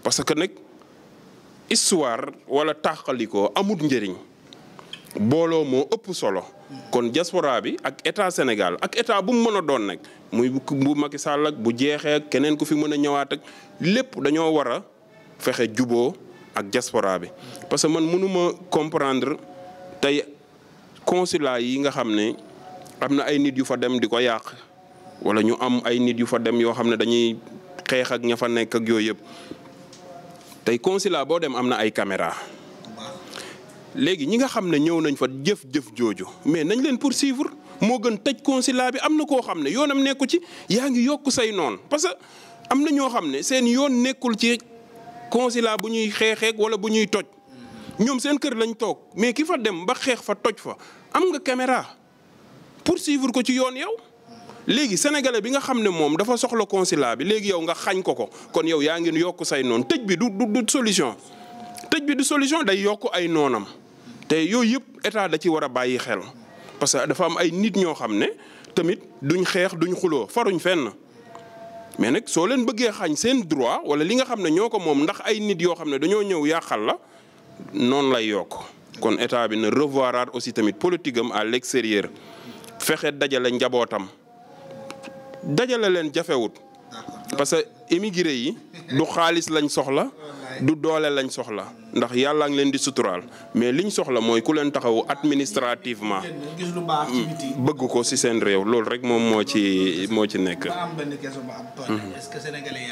parce que nag histoire wala tàqalikoo amut njëriñ booloo moo ëpp solo kon diaspora bi ak état Sénégal ak état bu mu mën a doon nag muy bu Macky Sall ak bu jeexee keneen ku fi mën a ñëwaat lépp dañoo war a fexe juboo ak diaspora bi. parce que man mënuma comprendre tey consulat yi nga xam ne am na ay nit yu fa dem di ko yàq wala ñu am ay nit yu fa dem yoo xam ne dañuy xeex ak ña fa nekk ak yooyu yëpp tey consulat boo dem am na ay caméra léegi ñi nga xam ne ñëw nañ fa jëf-jëf jooju mais nañ leen pour poursuivre moo gën tëj consulat bi am na koo xam ne yoonam nekku ci yaa ngi yokk say noon parce que am na ñoo xam ne seen yoon nekkul ci consulat bu ñuy xeexeek wala bu ñuy toj ñoom seen kër lañ toog mais ki fa dem ba xeex fa toj fa am nga caméra poursuivre ko ci yoon yow. léegi sénégalais bi nga xam ne moom dafa soxla consulat bi léegi yow nga xañ ko ko kon yow yaa ngi yokk say noon tëj bi du du du solution tëj bi du solution day yokk ay noonam. te yooyu yëpp état da ci war a bàyyi xel parce que dafa am ay nit ñoo xam ne tamit duñ xeex duñ xuloo faruñ fenn. mais nag soo leen bëggee xaañ seen droit wala li nga xam ne ñoo ko moom ndax ay nit yoo xam ne dañoo ñëw yàqal la noonu lay yokk kon état bi na revoiraat aussi tamit politique am à l'extérieur fexe dajale njabootam dajale leen jafewut parce que émigré yi du xaalis lañ soxla du doole lañ soxla ndax yàlla ngi leen di suturaal mais liñ soxla mooy ku leen taxawu administrativement bëgg ko si seen réew loolu rek moom moo ci moo ci nekk. Mhm. est-ce que sénégalais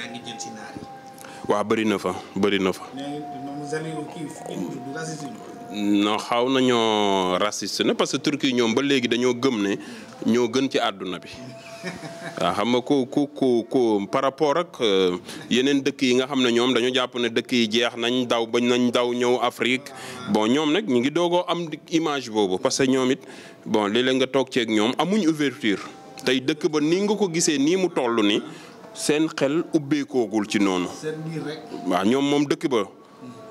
bëri na fa bëri na fa. non xaw nañoo raciste ne parce que turki ñoom ba léegi dañoo gëm ne ñoo gën ci àdduna bi. Mhm. waaw <laughs> ah, xam nga ko ku ku ku par rapport ak euh, yeneen dëkk yi nga xam ne ñoom dañoo jàpp ne dëkk yi jeex nañ daw bañ nañ daw ñëw Afrique bon ñoom nag ñu ngi doogoo am image boobu parce que ñoom it bon léeg nga toog ceeg ñoom amuñ ouverture tey dëkk ba nii nga ko gisee nii mu toll nii seen xel ubbeekoogul ci noonu. waaw ñoom moom dëkk ba.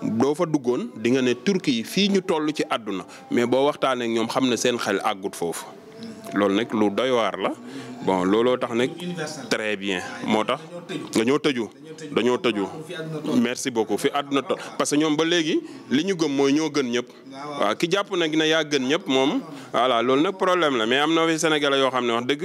doo fa duggoon di nga ne Turquie fii ñu toll ci àdduna mais boo waxtaanee ñoom xam ne seen xel àggut foofu. loolu nag lu doy la. bon looloo tax nag très bien moo tax dañoo tëju dañoo tëju merci beaucoup fi àdduna to parce que ñoom ba léegi li ñu gëm mooy ñoo gën ñëpp waaw ki jàpp nag ne yaa gën ñëpp moom voilà loolu nag problème la mais am na fi sénégalais yoo xam ne wax dëgg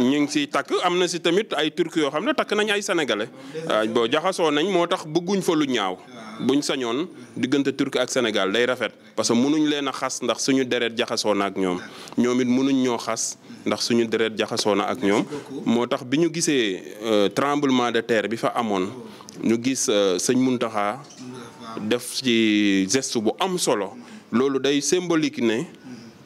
ñu ngi si takk am na si tamit ay turcs yoo xam ne takk nañ ay sénégalais waaw boo jaxasoo nañ moo tax bëgguñ fa lu ñaaw buñ sañoon diggante turc ak sénégal day rafet parce que mënuñ leen a xas ndax suñu deret jaxasoo na ak ñoom ñoom it mënuñ ñoo xas ndax suñu deret jaxasoo na ak ñoom moo tax bi ñu gisee euh, tremblement de terre bi fa amoon ñu gis euh, sëñ Muntaxa def ci geste bu am solo loolu day symbolique ne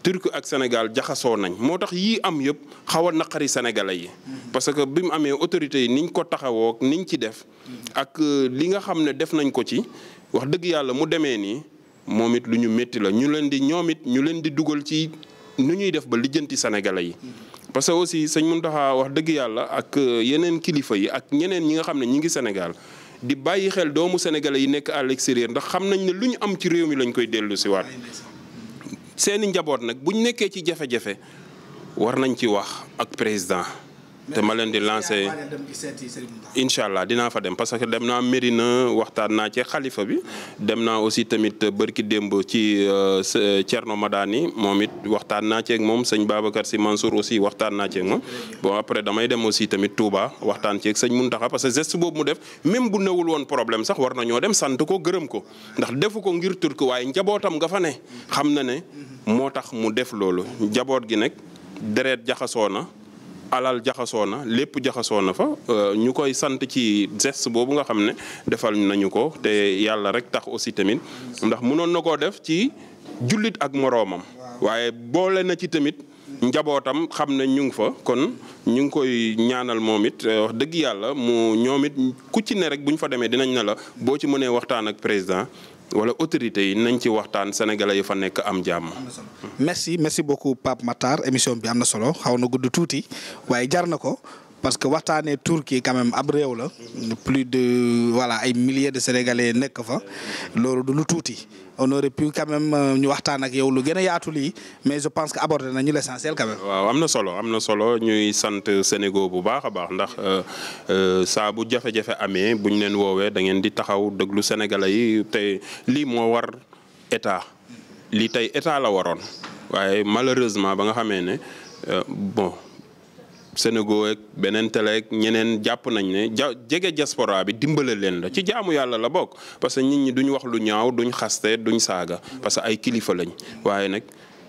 Turquie ak Sénégal jaxasoo nañ moo tax yii am yëpp xaw naqari sénégalais yi parce que bi mu amee autorités yi niñ ko taxawoo niñ ci def ak euh, li nga xam ne def nañ ko ci wax dëgg yàlla mu demee nii moom it lu ñu métti la ñu leen di ñoom it ñu leen di dugal ci nu ñuy def ba lijjanti sénégalais yi. parce que aussi sëñ Mountakha wax dëgg yàlla ak euh, yeneen kilifa yi ak ñeneen ñi nga xam ne ñi ngi Sénégal di bàyyi xel doomu sénégalais yi nekk à ndax xam nañ ne lu ñu am ci réew mi lañ koy dellu si waat seeni njaboot nag buñ nekkee ci jafe-jafe war nañ ci wax ak président. te ma leen di lancé incha allah dinaa fa dem parce que dem naa Médina waxtaan naa ci xalifa bi dem naa aussi tamit bërki démb ci euh, Thierno Madani moom it waxtaan naa ceeg moom sëñ Babacar Sy Mansour aussi waxtaan naa ceeg moom bon après damay dem aussi tamit Touba waxtaan ceeg sëñ Mountakha parce que geste boobu mu def même bu newul woon problème sax war na ñoo dem sant ko gërëm ko ndax defu ko ngir turki waaye njabootam nga fa ne xam na ne moo tax mu def loolu njaboot gi nag deret jaxasoo na alal jaxasoo na lépp jaxasoo na fa euh, ñu koy sant ci gest boobu nga xam ne defal nañu ko te yàlla rek tax aussi tamit ndax mënoon na koo def ci jullit ak moromam waaye boole na ci tamit njabootam xam ne ñu ngi fa kon ñu ngi koy ñaanal moom it euh, wax dëgg yàlla mu ñoom it ku ci ne rek bu ñu fa demee dinañ ne la boo ci mënee waxtaan ak président wala autorité yi nañ ci waxtaan sénégalais yu fa nekk am jàmm. merci merci beaucoup Pape Matar émission bi am na solo xaw na gudd tuuti waaye jar na ko. parce que waxtaanee Turquie quand même ab réew la. plus de voilà ay milliers de sénégalais nekk fa loolu du lu tuuti on aurait pu quand euh, ñu waxtaan ak yow lu gën a yaatu lii mais je pense que aborder nañu l'essentiel quand même. waaw am na solo am na solo ñuy sant Sénégal bu baax a baax ndax euh, euh, saa bu jafe-jafe amee bu ñu leen woowee da ngeen di taxaw déglu sénégalais yi te lii moo war état lii tey état la waroon waaye malheureusement ba nga xamee ne bon. Sénégo ak beneen télé ñeneen jàpp nañ ne ja jege diaspora bi dimbale leen la ci jaamu yàlla la bokk parce que nit ñi duñ wax lu ñaaw duñ xaste duñ saaga parce que ay kilifa lañ waaye nag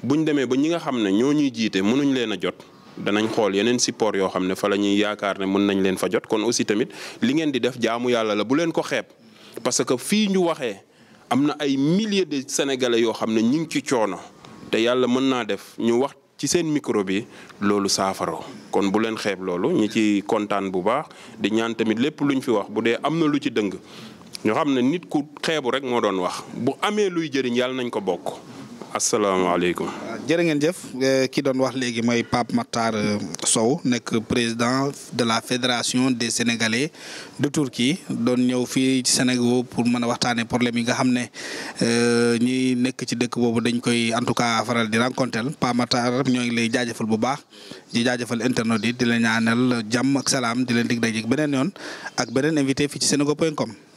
buñ demee ba ñi nga xam ne ñoo ñuy jiite mënuñ leen a jot. danañ xool yeneen support yoo xam ne fa la ñuy yaakaar ne mën nañ leen fa jot kon aussi tamit li ngeen di def jaamu yàlla la bu leen ko xeeb parce que fii ñu waxee am na ay milliers de sénégalais yoo xam ne ñu ngi ci coono te yàlla ci seen micro bi loolu saafara kon bu leen xeeb loolu ñi ci kontaan bu baax di ñaan tamit lépp luñ fi wax bu dee am na lu ci dëng ñoo xam ne nit ku xeebu rek moo doon wax bu amee luy jëriñ yàlla nañ ko bokk asalaamaaleykum jërë ngeen jëf eh, ki doon wax léegi mooy pap Matar eh, Sow nekk président de la fédération des sénégalais de Turquie doon ñëw fii ci Sénégal pour mën a waxtaanee problème yi nga xam ne eh, ñi nekk ci dëkk boobu dañ koy en tout cas faral di rencontrer Pape Matar ñoo ngi lay jaajëfal bu baax di jaajëfal internet yi di la ñaanal jàmm ak salaam di leen dig daje beneen yoon ak beneen invité fii ci senego.com.